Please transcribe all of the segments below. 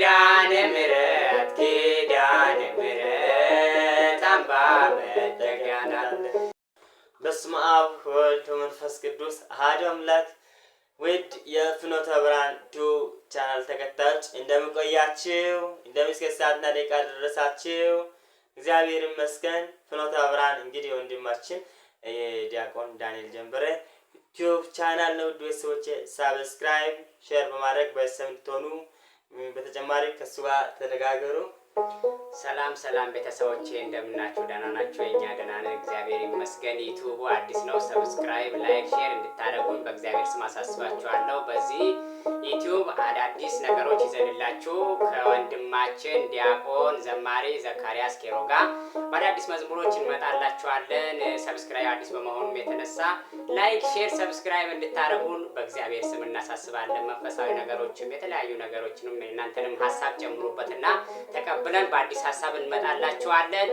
ኪዳነ ምሕረት ኪዳነ ምሕረት አምባ መጠጊያና በስመ አብ ወወልድ ወመንፈስ ቅዱስ አሐዱ አምላክ። ውድ የፍኖተ ብርሃን ዩቱብ ቻናል ተከታዮች እንደምንቆያችሁ እንደምስከሳትና ደቂቃ ደረሳችሁ። እግዚአብሔር ይመስገን። ፍኖተ ብርሃን እንግዲህ ወንድማችን ዲያቆን ዳንኤል ጀንበረ ዩቱብ ቻናል ነው። ውድ ቤተሰቦቼ ሳብስክራይብ፣ ሼር በማድረግ በሰም እንድትሆኑ በተጨማሪ ከእሱ ጋር ተነጋገሩ። ሰላም ሰላም ቤተሰቦቼ እንደምናችሁ ደህና ናችሁ? የእኛ ደህና ነን እግዚአብሔር ይመስገን። ዩቱቡ አዲስ ነው፣ ሰብስክራይብ፣ ላይክ፣ ሼር እንድታደርጉን በእግዚአብሔር ስም አሳስባችኋለሁ። በዚህ ዩቱብ አዳዲስ ነገሮች ይዘንላችሁ ከወንድማችን ዲያቆን ዘማሪ ዘካርያስ ኬሮ ጋር በአዳዲስ መዝሙሮች እንመጣላችኋለን። ሰብስክራይብ አዲስ በመሆኑም የተነሳ ላይክ፣ ሼር፣ ሰብስክራይብ እንድታደርጉን በእግዚአብሔር ስም እናሳስባለን። መንፈሳዊ ነገሮችም የተለያዩ ነገሮችንም እናንተንም ሀሳብ ጨምሩበትና ተቀብ ብለን በአዲስ ሀሳብ እንመጣላችኋለን።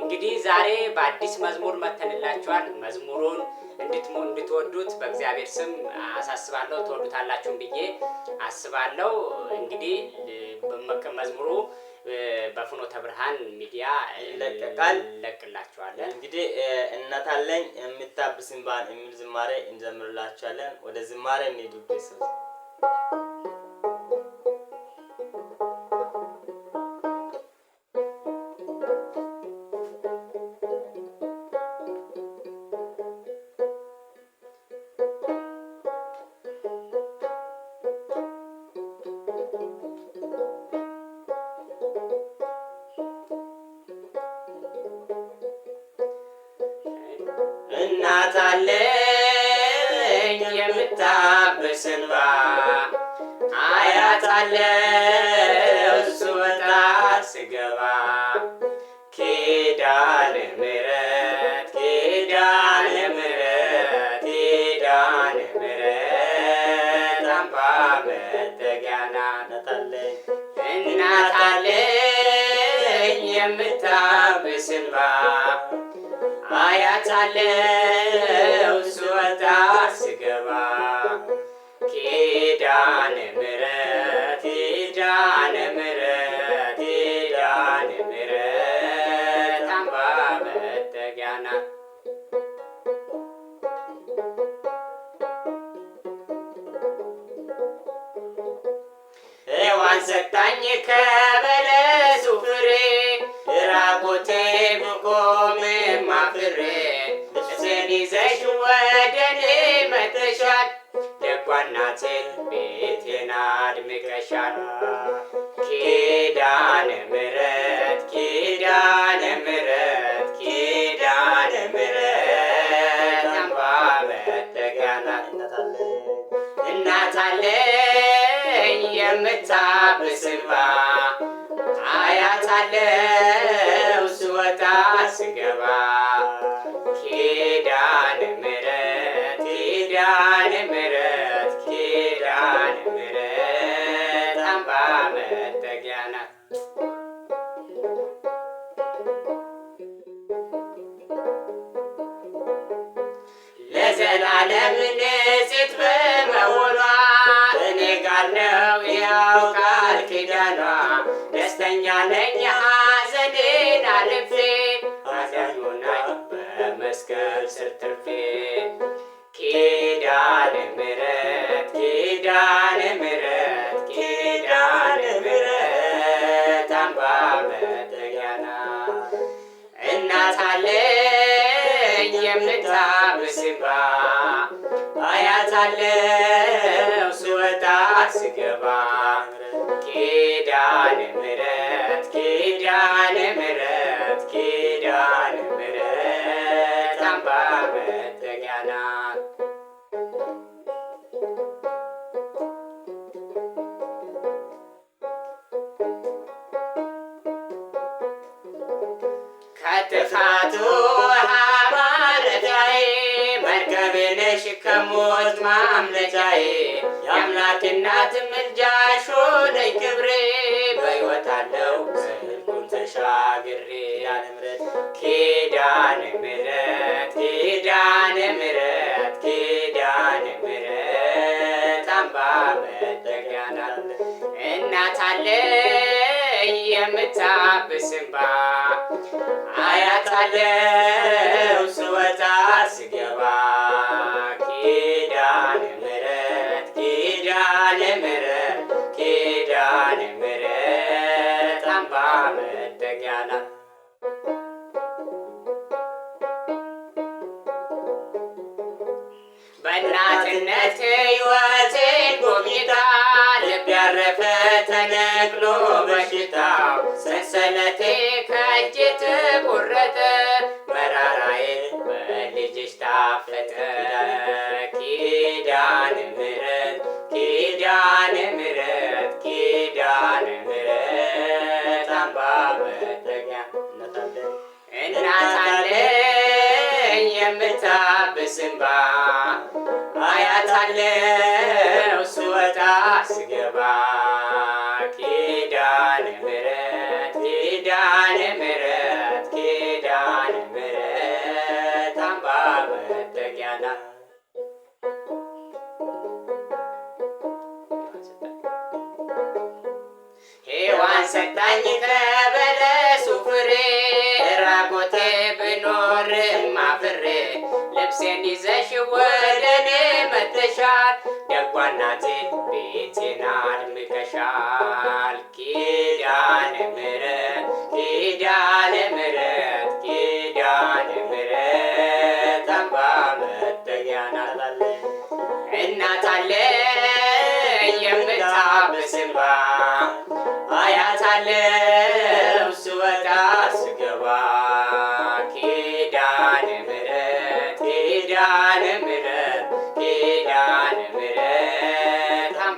እንግዲህ ዛሬ በአዲስ መዝሙር መተንላችኋል። መዝሙሩን እንድትሙ እንድትወዱት በእግዚአብሔር ስም አሳስባለሁ። ትወዱታላችሁን ብዬ አስባለሁ። እንግዲህ መዝሙሩ በፍኖተ ብርሃን ሚዲያ ይለቀቃል። ለቅላችኋለን። እንግዲህ እናታለኝ የምታብስ እንባን የሚል ዝማሬ እንዘምርላችኋለን። ወደ ዝማሬ እንሂድ ቤተሰብ እናት አለኝ የምታብስ እንባ አያት አለው እሱ ስገባ ኪዳነ ምሕረት ኪዳነ ምሕረት ኪዳነ ምሕረት አምባ መጠጊያ ናት አለኝ እናት አለኝ የምታብስ እንባ አያታለው ስወጣ ስገባ ኪዳነ ምሕረት ኪዳነ ምሕረት ኪዳነ ምሕረት አምባ መጠጊያ ናት። ሔዋን ከበለ ኪዳነ ምሕረት ኪዳነ ምሕረት ኪዳነ ምሕረት አምባ መጠጊያ እናት አለኝ አያታለው ስወጣ ስገባ ኪዳነ ናት። ለዘላለም ንጽሕት በመሆኗ እኔ ጋር ነው ያው ቃል ኪዳኗ። ደስተኛ ነኝ ሐዘኔን አልፌ አዛኙና በመስቀል ስር ትርፌ ኪዳነ ምሕረት እመጣለሁ ስወጣ ስገባ ኪዳነ ምሕረት ኪዳነ ምሕረት ኪዳነ ምሕረት አምባ መጠጊያ ናት። ከተፋ ነሽ ከሞት ማምለጫዬ የአምላክ እናት ምልጃሽ ነይ ክብሬ በሕይወታለው ስልኩን ተሻግሬ ኪዳነ ምሕረት ኪዳነ ምሕረት ኪዳነ ምሕረት ኪዳነ ምሕረት አምባ መጠጊያ ናት እናት አለኝ የምታብስ እንባ አያት አለኝ እናትነት ሕይወትን ጎብኝታ ልብ ያረፈ ተነቅሎ በሽታ ሰንሰለቴ ከእጅ ተቆረጠ መራራዬ በልጅሽ ታፈጠ ኪዳነ ምሕረት ኪዳነ ምሕረት ኪዳነ ምሕረት አምባ መጠጊያ የምታብስ እንባ አለው ስወጣ ስገባ ኪዳነ ምሕረት ኪዳነ ምሕረት ኪዳነ ምሕረት አምባ መጠጊያ ናት። ሔዋን ሰጣኝ ከበለሱ ፍሬ ነፍሴን ይዘሽ ወደ እኔ ቤቴን አድምቀሻል። ኪዳነ ምሕረት ኪዳነ ምሕረት ኪዳነ ምሕረት አምባ መጠጊያ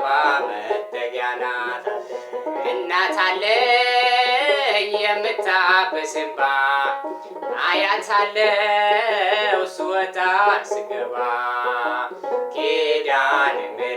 የእግሯ መጠጊያ ናት እናት አለኝ የምታብስባ አያት አለው ስወጣ ስገባ ኪዳን